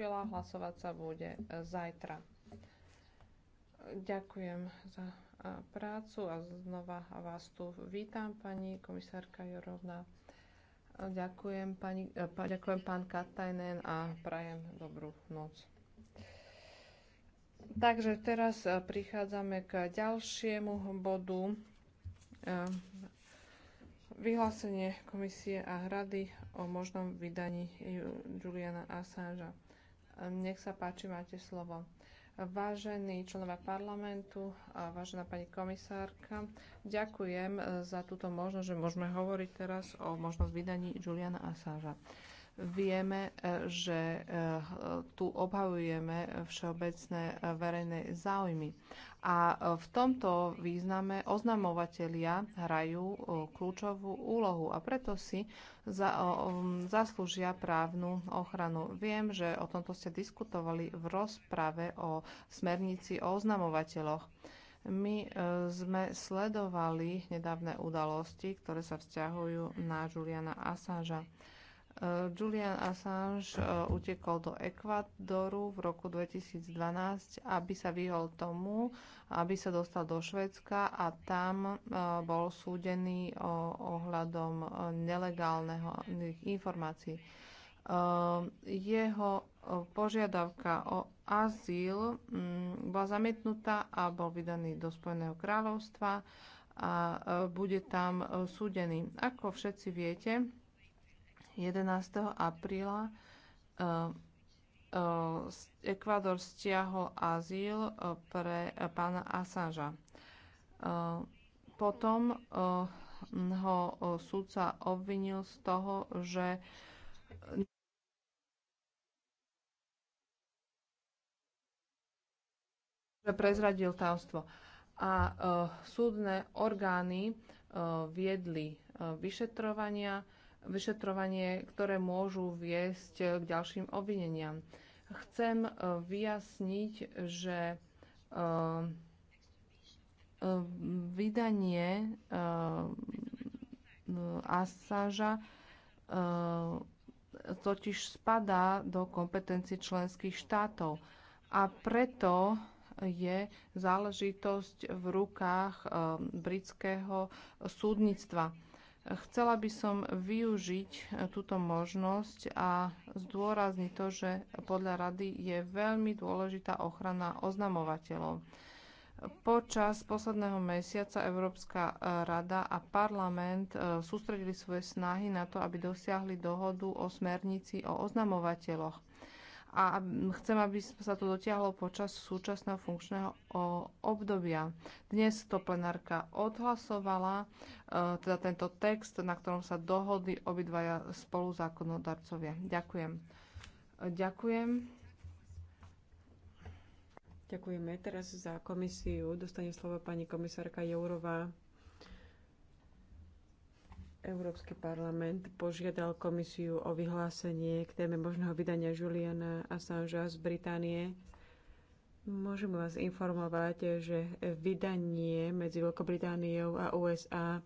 skončila, Hlasovať sa bude e, zajtra. Ďakujem za e, prácu a znova vás tu vítam, pani komisárka Jorovna. E, ďakujem, pani, ďakujem pán Katajnen a prajem dobrú noc. Takže teraz prichádzame k ďalšiemu bodu. Vyhlásenie komisie a rady o možnom vydaní Juliana Assangea. Nech sa páči, máte slovo. Vážení členové parlamentu, vážená pani komisárka, ďakujem za túto možnosť, že môžeme hovoriť teraz o možnosť vydaní Juliana Assange. Vieme, e, že e, tu obhavujeme všeobecné e, verejné záujmy. A v tomto význame oznamovatelia hrajú kľúčovú úlohu a preto si za, zaslúžia právnu ochranu. Viem, že o tomto ste diskutovali v rozprave o smernici o oznamovateľoch. My sme sledovali nedávne udalosti, ktoré sa vzťahujú na Juliana Assangea. Eh, Julian Assange eh, utekol do Ekvadoru v roku 2012, aby sa vyhol tomu, aby sa dostal do Švedska a tam eh, bol súdený ohľadom nelegálnych informácií. Jeho požiadavka o azyl mm, bola zamietnutá a bol vydaný do Spojeného kráľovstva a bude tam súdený. Ako všetci viete, 11. apríla e, e, Ekvador stiahol azyl e, pre pána Assangea. Potom ho súdca obvinil z toho, že že prezradil tajomstvo. A súdne orgány viedli vyšetrovania, vyšetrovanie, ktoré môžu viesť k ďalším obvineniam. Chcem e, vyjasniť, že e, e, vydanie Assange totiž spadá do kompetencií členských štátov a preto je záležitosť v rukách britského súdnictva. Chcela by som využiť e, túto možnosť a zdôrazniť to, že podľa rady je veľmi dôležitá ochrana oznamovateľov. Počas posledného mesiaca Európska e, rada a parlament e, sústredili svoje snahy na to, aby dosiahli dohodu o smernici o oznamovateľoch a chcem, aby sa to dotiahlo počas súčasného funkčného obdobia. Dnes to plenárka odhlasovala, e, teda tento text, na ktorom sa dohodli obidvaja zákonodarcovia. Ďakujem. E, ďakujem. Ďakujeme. Teraz za komisiu dostane slovo pani komisárka Jourová. Európsky parlament požiadal komisiu o vyhlásenie k téme možného vydania Juliana Assangea z Británie. Môžem vás informovať, že vydanie medzi Veľkobritániou a USA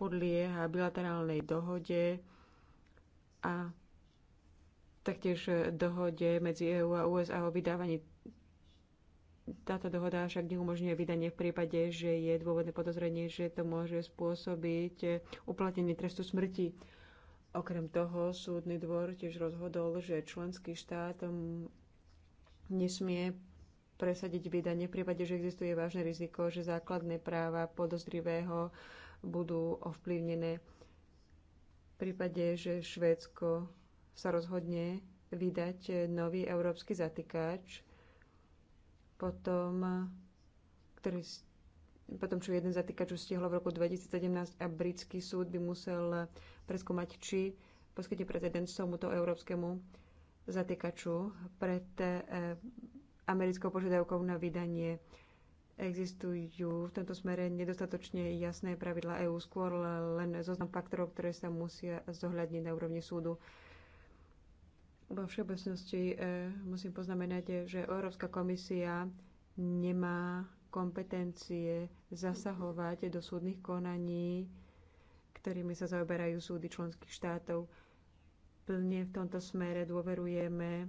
podlieha bilaterálnej dohode a taktiež dohode medzi EU a USA o vydávaní táto dohoda však neumožňuje vydanie v prípade, že je dôvodné podozrenie, že to môže spôsobiť uplatnenie trestu smrti. Okrem toho súdny dvor tiež rozhodol, že členský štát nesmie presadiť vydanie v prípade, že existuje vážne riziko, že základné práva podozrivého budú ovplyvnené. V prípade, že Švédsko sa rozhodne vydať nový európsky zatýkač, potom, ktorý, potom čo jeden zatýkač už stihlo v roku 2017 a britský súd by musel preskúmať, či poskytne precedens tomuto európskemu zatýkaču pred eh, americkou požiadavkou na vydanie. Existujú v tomto smere nedostatočne jasné pravidla EÚ, skôr len zoznam faktorov, ktoré sa musia zohľadniť na úrovni súdu. Vo všeobecnosti e, musím poznamenať, že Európska komisia nemá kompetencie zasahovať do súdnych konaní, ktorými sa zaoberajú súdy členských štátov. Plne v tomto smere dôverujeme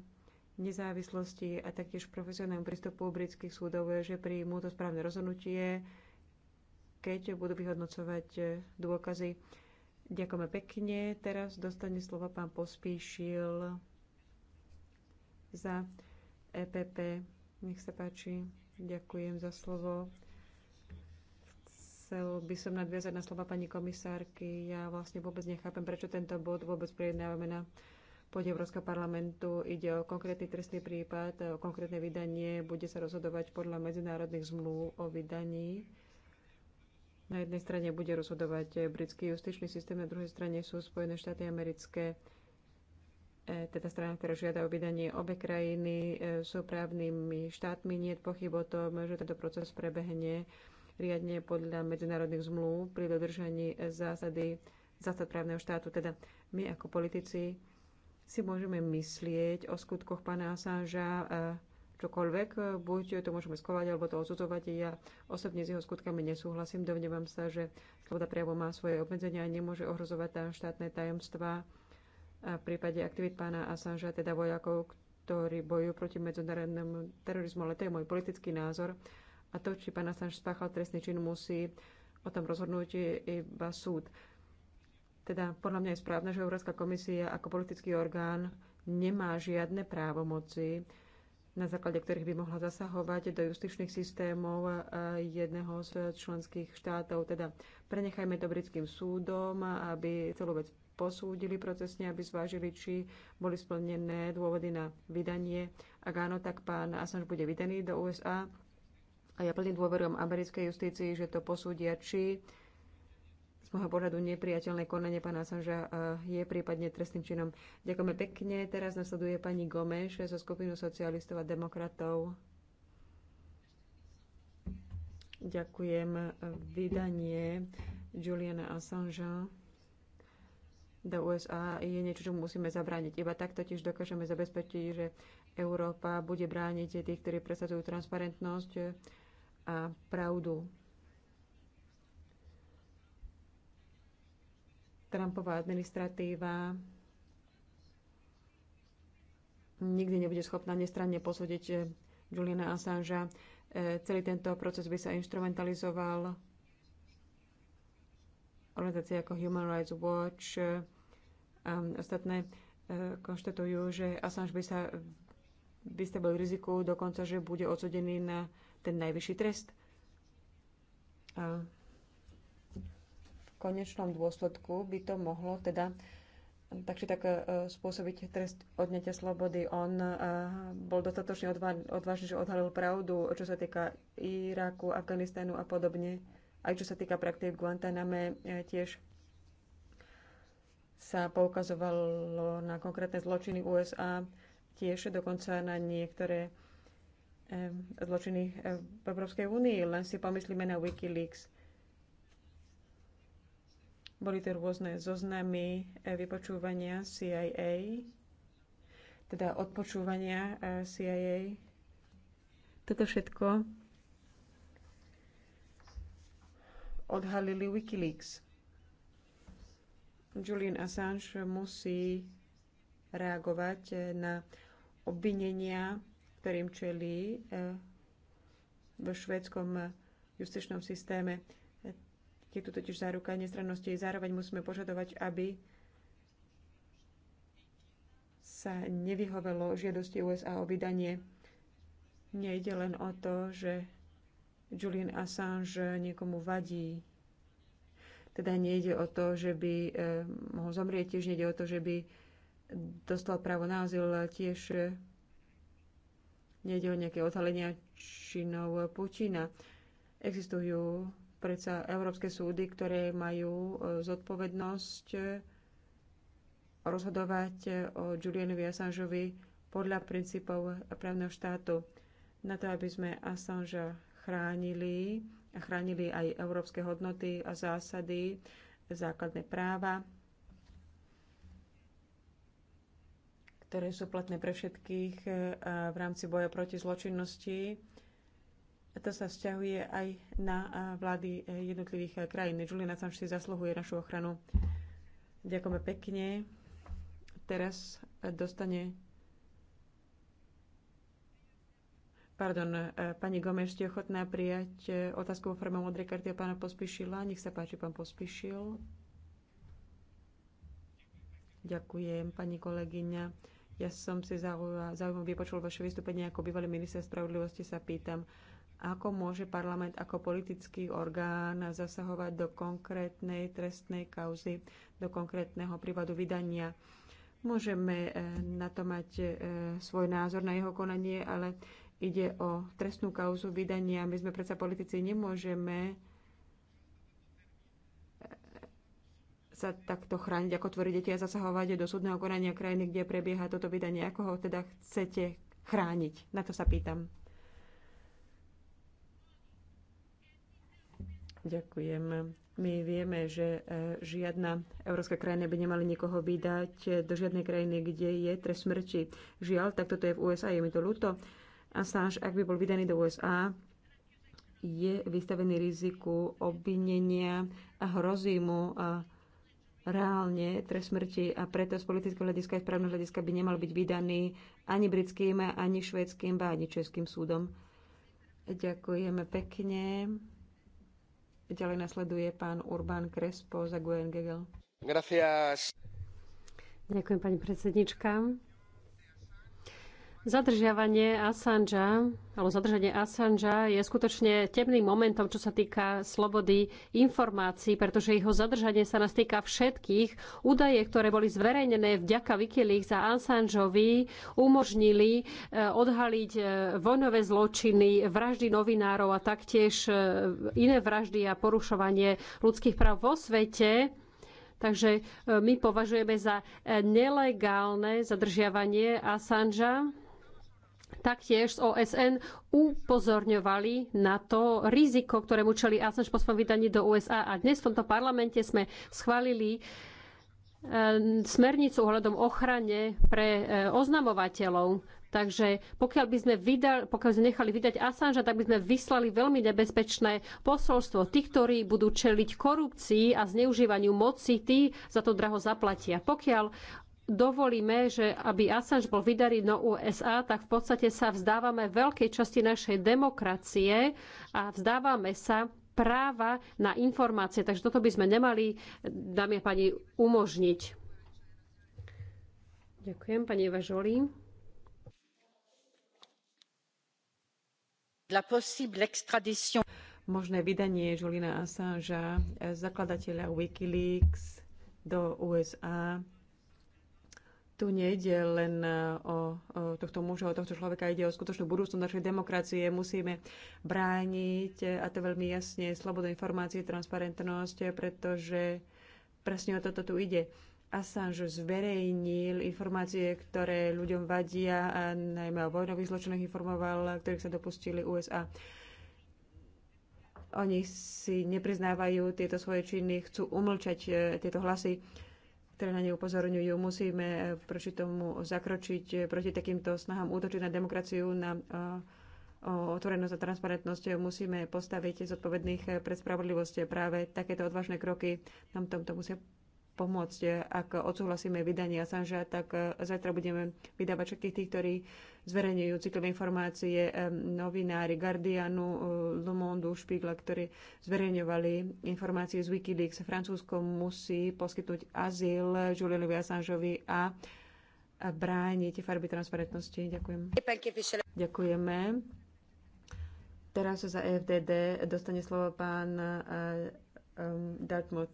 nezávislosti a taktiež profesionálnemu prístupu britských súdov, že príjmú to správne rozhodnutie, keď budú vyhodnocovať e, dôkazy. Ďakujeme pekne. Teraz dostane slovo pán Pospíšil za EPP. Nech sa páči. Ďakujem za slovo. Chcel by som nadviazať na slova pani komisárky. Ja vlastne vôbec nechápem, prečo tento bod vôbec prejednávame na pôde Európskeho parlamentu. Ide o konkrétny trestný prípad, o konkrétne vydanie. Bude sa rozhodovať podľa medzinárodných zmluv o vydaní. Na jednej strane bude rozhodovať britský justičný systém, na druhej strane sú Spojené štáty americké E, teda strana, ktorá žiada o vydanie obe krajiny, e, sú právnymi štátmi. Nie je pochyb o tom, že tento proces prebehne riadne podľa medzinárodných zmluv pri dodržaní zásady zásad právneho štátu. Teda my ako politici si môžeme myslieť o skutkoch pána Assangea e, čokoľvek, buď to môžeme skovať, alebo to odsudzovať. Ja osobne s jeho skutkami nesúhlasím. Dovnievam sa, že sloboda prejavu má svoje obmedzenia a nemôže ohrozovať tam štátne tajomstvá v prípade aktivít pána Assangea, teda vojakov, ktorí bojujú proti medzinárodnému terorizmu, ale to je môj politický názor. A to, či pán Assange spáchal trestný čin, musí o tom rozhodnúť iba súd. Teda podľa mňa je správne, že Európska komisia ako politický orgán nemá žiadne právomoci, na základe ktorých by mohla zasahovať do justičných systémov e, jedného z členských štátov. Teda prenechajme to britským súdom, aby celú vec posúdili procesne, aby zvážili, či boli splnené dôvody na vydanie. Ak áno, tak pán Assange bude vydaný do USA. A ja plne dôverujem americkej justícii, že to posúdia, či z môjho pohľadu nepriateľné konanie pána Assangea eh, je prípadne trestným činom. Ďakujeme pekne. Teraz nasleduje pani Gomeš zo skupinu socialistov a demokratov. Ďakujem. Vydanie Juliana Assangea do USA je niečo, čo musíme zabrániť. Iba tak totiž dokážeme zabezpečiť, že Európa bude brániť tých, ktorí presadzujú transparentnosť a pravdu. Trumpová administratíva nikdy nebude schopná nestranne posúdiť Juliana Assangea. E, celý tento proces by sa instrumentalizoval Organizácie ako Human Rights Watch a eh, um, ostatné eh, konštatujú, že Assange by sa vystavil riziku dokonca, že bude odsudený na ten najvyšší trest. A v konečnom dôsledku by to mohlo teda takže tak eh, spôsobiť trest odňatia slobody. On bol dostatočne odvážny, že odhalil pravdu, čo sa týka Iraku, Afganistánu a podobne aj čo sa týka praktík v Guantaname, e, tiež sa poukazovalo na konkrétne zločiny USA, tiež dokonca na niektoré e, zločiny e, v Európskej únii. Len si pomyslíme na Wikileaks. Boli to rôzne zoznamy vypočúvania CIA, teda odpočúvania CIA. Toto všetko odhalili Wikileaks. Julian Assange musí reagovať na obvinenia, ktorým čelí eh, v švédskom justičnom systéme. Je tu totiž záruka nestrannosti. Zároveň musíme požadovať, aby sa nevyhovelo žiadosti USA o vydanie. Nejde len o to, že Julian Assange niekomu vadí. Teda nejde o to, že by e, mohol zomrieť, tiež nejde o to, že by dostal právo na azyl, tiež e, nejde o nejaké odhalenia činov Putina. Existujú predsa európske súdy, ktoré majú e, zodpovednosť rozhodovať o Julianovi Assangeovi podľa princípov právneho štátu na to, aby sme Assangea chránili a chránili aj európske hodnoty a zásady, základné práva, ktoré sú platné pre všetkých e, v rámci boja proti zločinnosti. A to sa vzťahuje aj na e, vlády e, jednotlivých krajín. Julian Assange si zasluhuje našu ochranu. Ďakujeme pekne. Teraz dostane Pardon, e, pani Gomeš, ste ochotná prijať e, otázku vo forme modrej karty od pána Pospíšila? Nech sa páči, pán Pospíšil. Ďakujem, pani kolegyňa. Ja som si zaujímavý vypočul vaše vystúpenie ako bývalý minister spravodlivosti. Sa pýtam, ako môže parlament ako politický orgán zasahovať do konkrétnej trestnej kauzy, do konkrétneho prípadu vydania. Môžeme e, na to mať svoj názor na jeho konanie, ale ide o trestnú kauzu vydania. My sme predsa politici, nemôžeme eh, sa takto chrániť, ako tvrdíte, a zasahovať do súdneho konania krajiny, kde prebieha toto vydanie. Ako ho teda chcete chrániť? Na to sa pýtam. Ďakujem. My vieme, že eh, žiadna európska krajina by nemala nikoho vydať eh, do žiadnej krajiny, kde je trest smrti. Žiaľ, tak toto je v USA, je mi to ľúto Assange, ak by bol vydaný do USA, je vystavený riziku obvinenia a hrozí mu a reálne trest smrti a preto z politického hľadiska a právneho hľadiska by nemal byť vydaný ani britským, ani švédským, ani českým súdom. Ďakujeme pekne. Ďalej nasleduje pán Urbán Krespo za Gwen Gegel. Gracias. Ďakujem, pani predsednička. Zadržiavanie Assangea, alebo zadržanie Assangea je skutočne temným momentom, čo sa týka slobody informácií, pretože jeho zadržanie sa nás týka všetkých. Údaje, ktoré boli zverejnené vďaka Wikileaks a Assangeovi, umožnili e, odhaliť e, vojnové zločiny, vraždy novinárov a taktiež e, iné vraždy a porušovanie ľudských práv vo svete. Takže my považujeme za nelegálne zadržiavanie Assangea taktiež z OSN upozorňovali na to riziko, ktorému čeli Assange po svojom vydaní do USA. A dnes v tomto parlamente sme schválili e, smernicu ohľadom ochrane pre e, oznamovateľov. Takže pokiaľ by sme, vydal, pokiaľ sme nechali vydať Assange, tak by sme vyslali veľmi nebezpečné posolstvo. Tí, ktorí budú čeliť korupcii a zneužívaniu moci, tí za to draho zaplatia. Pokiaľ dovolíme, že aby Assange bol vydarí do USA, tak v podstate sa vzdávame veľkej časti našej demokracie a vzdávame sa práva na informácie. Takže toto by sme nemali, dámy a pani, umožniť. Ďakujem, pani Eva Žolí. La possible extradition. Možné vydanie Žolina Assangea, zakladateľa Wikileaks do USA, tu nejde len e, o, o tohto muža, o tohto človeka, ide o skutočnú budúcnosť našej demokracie. Musíme brániť, a to veľmi jasne, slobodu informácie, transparentnosť, pretože presne o toto tu ide. Assange zverejnil informácie, ktoré ľuďom vadia, a najmä o vojnových zločinoch informoval, ktorých sa dopustili USA. Oni si nepriznávajú tieto svoje činy, chcú umlčať e, tieto hlasy ktoré na ne upozorňujú. Musíme eh, proti tomu zakročiť, eh, proti takýmto snahám útočiť na demokraciu, na eh, otvorenosť a transparentnosť. Musíme postaviť zodpovedných pred spravodlivosť. Práve takéto odvážne kroky nám tomto musia pomôcť. Ak odsúhlasíme vydanie Assange, tak eh, zajtra budeme vydávať všetkých tých, ktorí zverejňujú citlivé informácie, eh, novinári Guardianu, eh, Le Monde, Spiegel, ktorí zverejňovali informácie z Wikileaks. Francúzsko musí poskytnúť azyl Julianovi Assangeovi a brániť farby transparentnosti. Ďakujem. Ďakujeme. Teraz sa za e FDD dostane slovo pán Dartmouth.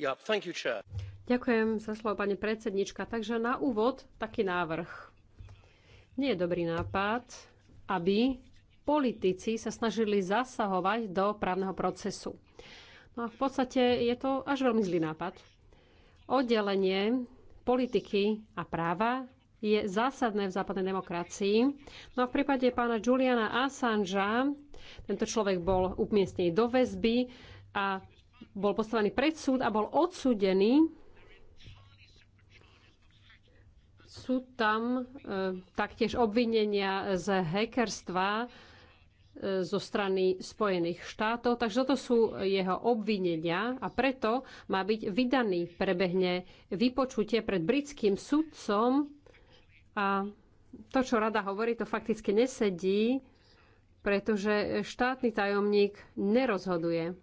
Ďakujem za slovo, pani predsednička. Takže na úvod taký návrh. Nie je dobrý nápad, aby politici sa snažili zasahovať do právneho procesu. No a v podstate je to až veľmi zlý nápad. Oddelenie politiky a práva je zásadné v západnej demokracii. No a v prípade pána Juliana Assangea, tento človek bol umiestnený do väzby a bol postavený pred súd a bol odsúdený. Sú tam e, taktiež obvinenia z hackerstva e, zo strany Spojených štátov. Takže toto sú jeho obvinenia a preto má byť vydaný. Prebehne vypočutie pred britským sudcom a to, čo rada hovorí, to fakticky nesedí, pretože štátny tajomník nerozhoduje.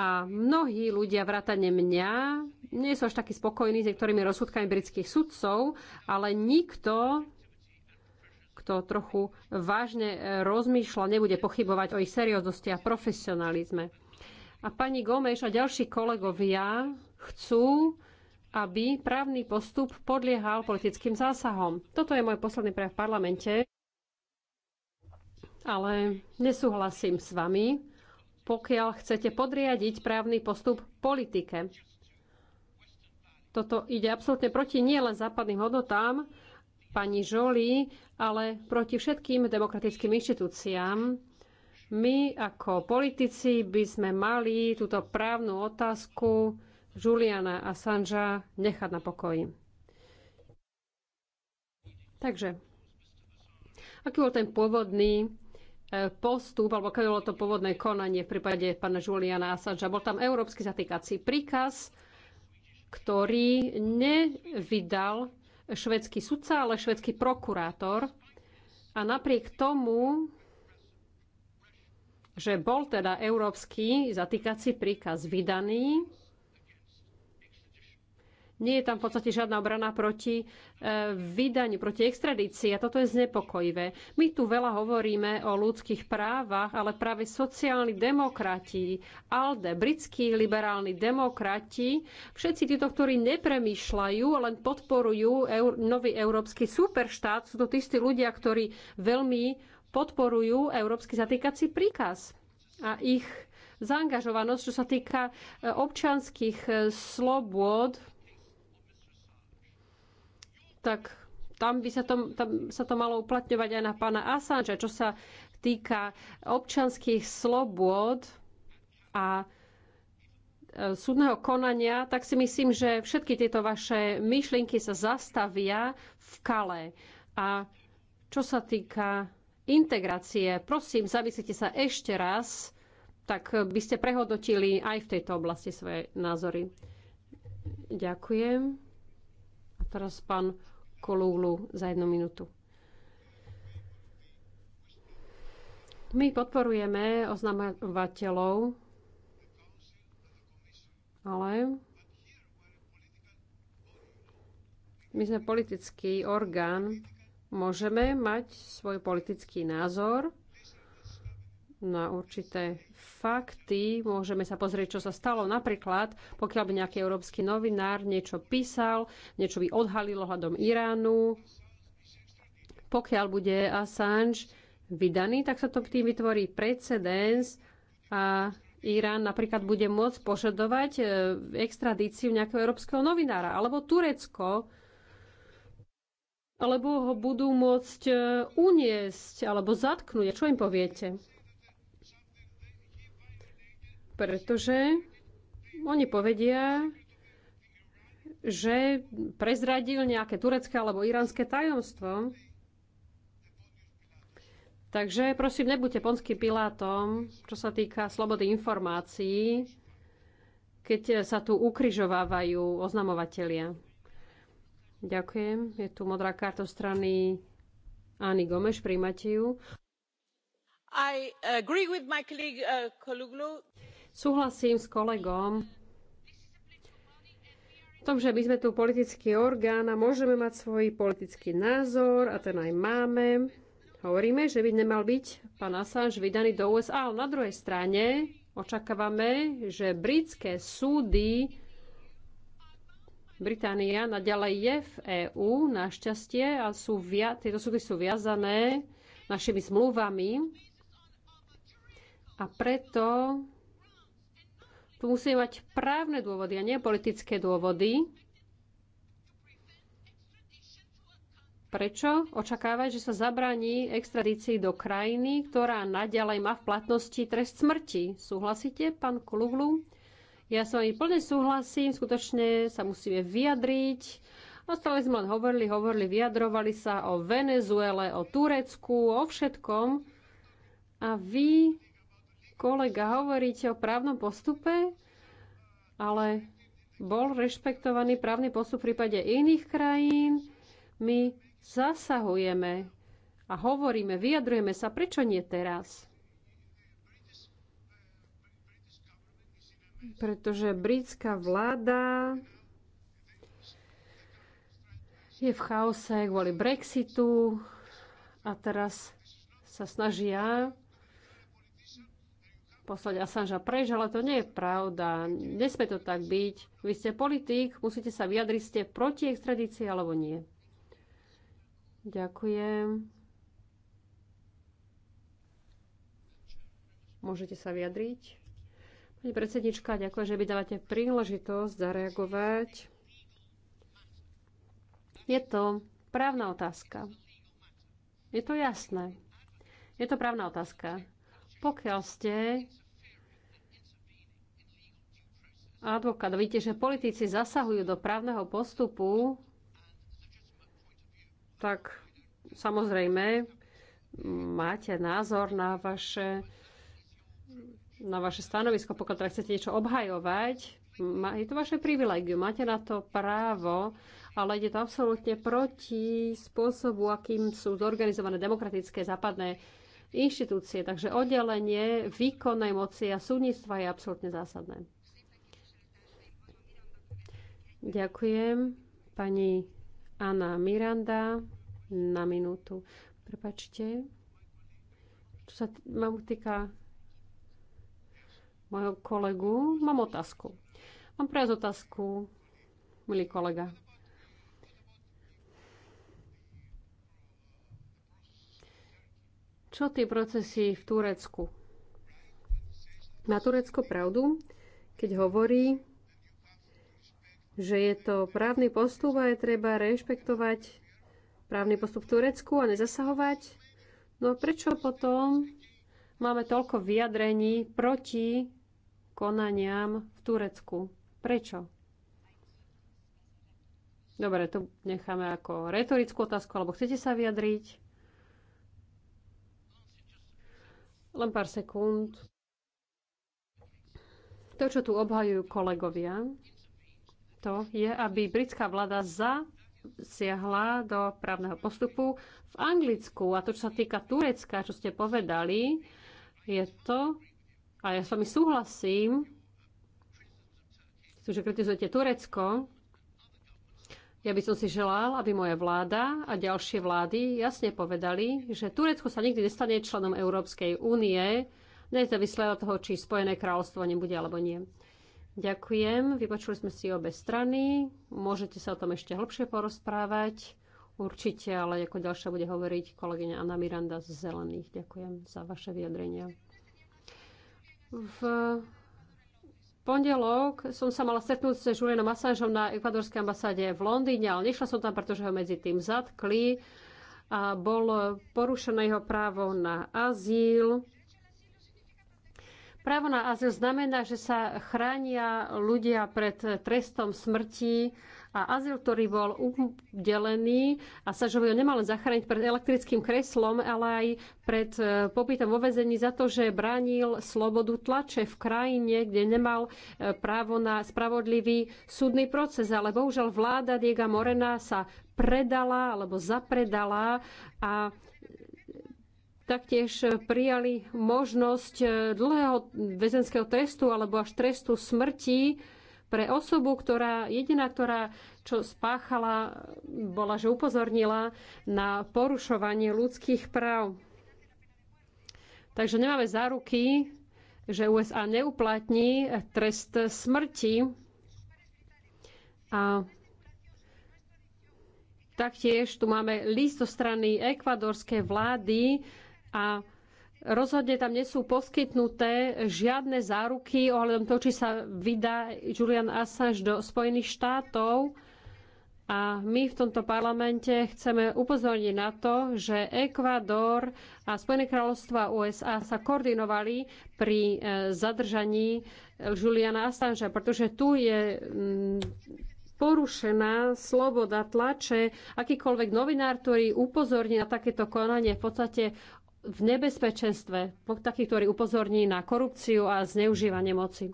A mnohí ľudia, vrátane mňa, nie sú až takí spokojní s niektorými rozsudkami britských sudcov, ale nikto, kto trochu vážne e, rozmýšľa, nebude pochybovať o ich serióznosti a profesionalizme. A pani Gomeš a ďalší kolegovia chcú, aby právny postup podliehal politickým zásahom. Toto je môj posledný prejav v parlamente, ale nesúhlasím s vami pokiaľ chcete podriadiť právny postup politike. Toto ide absolútne proti nielen západným hodnotám pani Žoli, ale proti všetkým demokratickým inštitúciám. My ako politici by sme mali túto právnu otázku Juliana Assangea nechať na pokoji. Takže, aký bol ten pôvodný postup, alebo keď bolo to pôvodné konanie v prípade pána Juliana Assange. Bol tam európsky zatýkací príkaz, ktorý nevydal švedský sudca, ale švedský prokurátor. A napriek tomu, že bol teda európsky zatýkací príkaz vydaný, nie je tam v podstate žiadna obrana proti e, vydaniu, proti extradícii a toto je znepokojivé. My tu veľa hovoríme o ľudských právach, ale práve sociálni demokrati, ALDE, britskí liberálni demokrati, všetci títo, ktorí nepremýšľajú, len podporujú nový európsky superštát, sú to tí istí ľudia, ktorí veľmi podporujú európsky zatýkací príkaz a ich zaangažovanosť, čo sa týka e, občanských e, slobôd tak tam by sa to, tam sa to malo uplatňovať aj na pána Assange, čo sa týka občanských slobôd a e, súdneho konania, tak si myslím, že všetky tieto vaše myšlienky sa zastavia v kale. A čo sa týka integrácie, prosím, zamyslite sa ešte raz, tak by ste prehodnotili aj v tejto oblasti svoje názory. Ďakujem. A teraz pán Kolúlu za jednu minútu. My podporujeme oznamovateľov, ale my sme politický orgán, môžeme mať svoj politický názor, na určité fakty, môžeme sa pozrieť, čo sa stalo. Napríklad, pokiaľ by nejaký európsky novinár niečo písal, niečo by odhalilo hľadom Iránu, pokiaľ bude Assange vydaný, tak sa to tým vytvorí precedens a Irán napríklad bude môcť požadovať e, extradíciu nejakého európskeho novinára alebo Turecko, alebo ho budú môcť e, uniesť alebo zatknúť. Čo im poviete? pretože oni povedia, že prezradil nejaké turecké alebo iránske tajomstvo. Takže prosím, nebuďte ponským pilátom, čo sa týka slobody informácií, keď sa tu ukryžovávajú oznamovatelia. Ďakujem. Je tu modrá karta strany Ani Gomeš, príjmate ju. I agree with my colleague uh, Súhlasím s kolegom v tom, že my sme tu politický orgán a môžeme mať svoj politický názor a ten aj máme. Hovoríme, že by nemal byť pán Assange vydaný do USA, ale na druhej strane očakávame, že britské súdy Británia naďalej je v EÚ, našťastie, a sú via- tieto súdy sú viazané našimi zmluvami. A preto tu musíme mať právne dôvody a nie politické dôvody. Prečo očakávať, že sa zabraní extradícii do krajiny, ktorá naďalej má v platnosti trest smrti? Súhlasíte, pán Kluhlu? Ja s vami plne súhlasím, skutočne sa musíme vyjadriť. Ostali sme len hovorili, hovorili, vyjadrovali sa o Venezuele, o Turecku, o všetkom. A vy kolega, hovoríte o právnom postupe, ale bol rešpektovaný právny postup v prípade iných krajín. My zasahujeme a hovoríme, vyjadrujeme sa, prečo nie teraz? Pretože britská vláda je v chaose kvôli Brexitu a teraz sa snažia poslať Assangea preč, ale to nie je pravda. Nesme to tak byť. Vy ste politik. musíte sa vyjadriť, ste proti extradícii alebo nie. Ďakujem. Môžete sa vyjadriť. Pani predsednička, ďakujem, že mi dávate príležitosť zareagovať. Je to právna otázka. Je to jasné. Je to právna otázka. Pokiaľ ste advokát. Vidíte, že politici zasahujú do právneho postupu, tak samozrejme máte názor na vaše, na vaše stanovisko, pokiaľ teda chcete niečo obhajovať. Je to vaše privilegium, máte na to právo, ale ide to absolútne proti spôsobu, akým sú zorganizované demokratické západné inštitúcie. Takže oddelenie výkonnej moci a súdnictva je absolútne zásadné. Ďakujem. Pani Anna Miranda na minútu. Prepačte. Čo sa mám týka môjho kolegu, mám otázku. Mám pre vás otázku, milý kolega. Čo tie procesy v Turecku? Má Turecko pravdu, keď hovorí, že je to právny postup a je treba rešpektovať právny postup v Turecku a nezasahovať. No prečo potom máme toľko vyjadrení proti konaniam v Turecku? Prečo? Dobre, to necháme ako retorickú otázku, alebo chcete sa vyjadriť? Len pár sekúnd. To, čo tu obhajujú kolegovia, to je, aby britská vláda zasiahla do právneho postupu v Anglicku. A to, čo sa týka Turecka, čo ste povedali, je to, a ja s vami súhlasím, že kritizujete Turecko, ja by som si želal, aby moja vláda a ďalšie vlády jasne povedali, že Turecko sa nikdy nestane členom Európskej únie, nezávisle od toho, či Spojené kráľovstvo nebude alebo nie. Ďakujem, vypočuli sme si obe strany, môžete sa o tom ešte hlbšie porozprávať, určite, ale ako ďalšia bude hovoriť kolegyňa Anna Miranda z Zelených. Ďakujem za vaše vyjadrenia. V pondelok som sa mala stretnúť s Julianom Assangeom na ekvadorskej ambasáde v Londýne, ale nešla som tam, pretože ho medzi tým zatkli a bol porušené jeho právo na azyl. Právo na azyl znamená, že sa chránia ľudia pred trestom smrti a azyl, ktorý bol udelený a sa že ho nemal len zachrániť pred elektrickým kreslom, ale aj pred e, pobytom vo vezení za to, že bránil slobodu tlače v krajine, kde nemal e, právo na spravodlivý súdny proces. Ale bohužiaľ vláda Diega Morena sa predala alebo zapredala a taktiež prijali možnosť eh, dlhého väzenského trestu alebo až trestu smrti pre osobu, ktorá jediná, ktorá čo spáchala, bola, že upozornila na porušovanie ľudských práv. Takže nemáme záruky, že USA neuplatní trest smrti a taktiež tu máme list zo strany ekvadorskej vlády, a rozhodne tam nie sú poskytnuté žiadne záruky ohľadom toho, či sa vydá Julian Assange do Spojených štátov. A my v tomto parlamente chceme upozorniť na to, že Ekvador a Spojené kráľovstvo a USA sa koordinovali pri e, zadržaní Juliana Assange, pretože tu je mm, porušená sloboda tlače. Akýkoľvek novinár, ktorý upozorní na takéto konanie, v podstate v nebezpečenstve, takých, ktorí upozorní na korupciu a zneužívanie moci.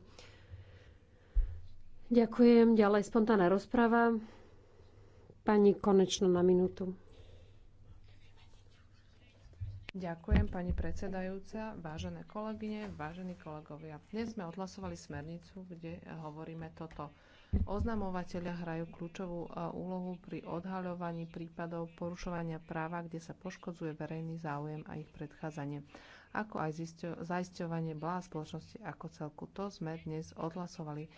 Ďakujem. Ďalej spontánna rozprava. Pani konečno na minútu. Ďakujem, pani predsedajúca, vážené kolegyne, vážení kolegovia. Dnes sme odhlasovali smernicu, kde hovoríme toto Oznamovateľia hrajú kľúčovú úlohu pri odhaľovaní prípadov porušovania práva, kde sa poškodzuje verejný záujem a ich predchádzanie, ako aj zaisťovanie blá spoločnosti ako celku. To sme dnes odhlasovali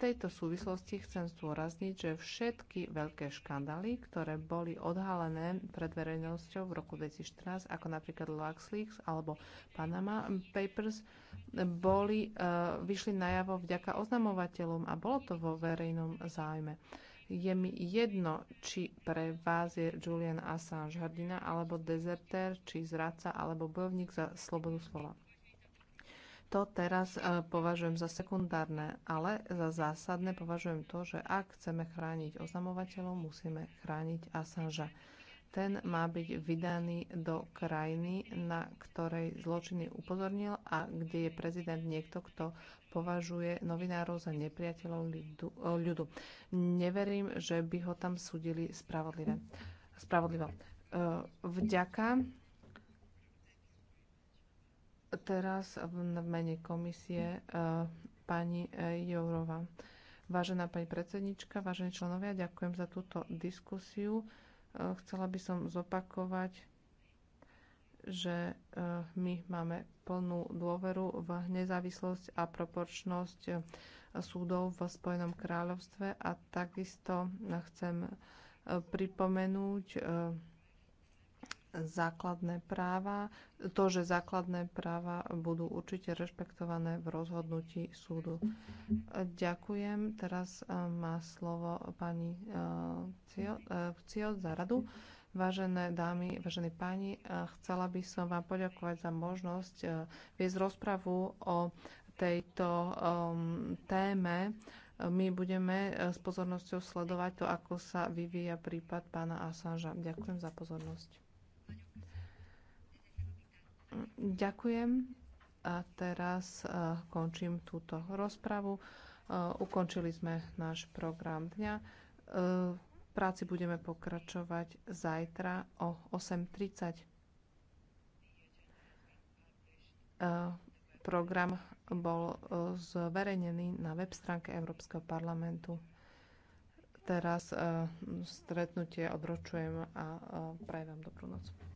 tejto súvislosti chcem zdôrazniť, že všetky veľké škandály, ktoré boli odhalené pred verejnosťou v roku 2014, ako napríklad LuxLeaks alebo Panama Papers, boli, e, vyšli najavo vďaka oznamovateľom a bolo to vo verejnom záujme. Je mi jedno, či pre vás je Julian Assange hrdina, alebo dezertér, či zradca, alebo bojovník za slobodu slova to teraz e, považujem za sekundárne, ale za zásadné považujem to, že ak chceme chrániť oznamovateľov, musíme chrániť Assangea. Ten má byť vydaný do krajiny, na ktorej zločiny upozornil a kde je prezident niekto, kto považuje novinárov za nepriateľov ľudu. E, Neverím, že by ho tam súdili spravodlivo. E, vďaka Teraz v mene komisie eh, pani eh, Jourova. Vážená pani predsednička, vážení členovia, ďakujem za túto diskusiu. Eh, chcela by som zopakovať, že my máme plnú dôveru v nezávislosť a proporčnosť súdov v Spojenom kráľovstve a takisto chcem pripomenúť základné práva, to, že základné práva budú určite rešpektované v rozhodnutí súdu. Ďakujem. Teraz e, má slovo pani e, Ciot e, za radu. Vážené dámy, vážení páni, chcela by som vám poďakovať za možnosť viesť rozpravu o tejto um, téme. My budeme s pozornosťou sledovať to, ako sa vyvíja prípad pána Assangea. Ďakujem za pozornosť. Ďakujem. A teraz e, končím túto rozpravu. E, ukončili sme náš program dňa. E, v práci budeme pokračovať zajtra o 8.30. Program bol zverejnený na web stránke Európskeho parlamentu. Teraz stretnutie odročujem a prajem vám dobrú noc.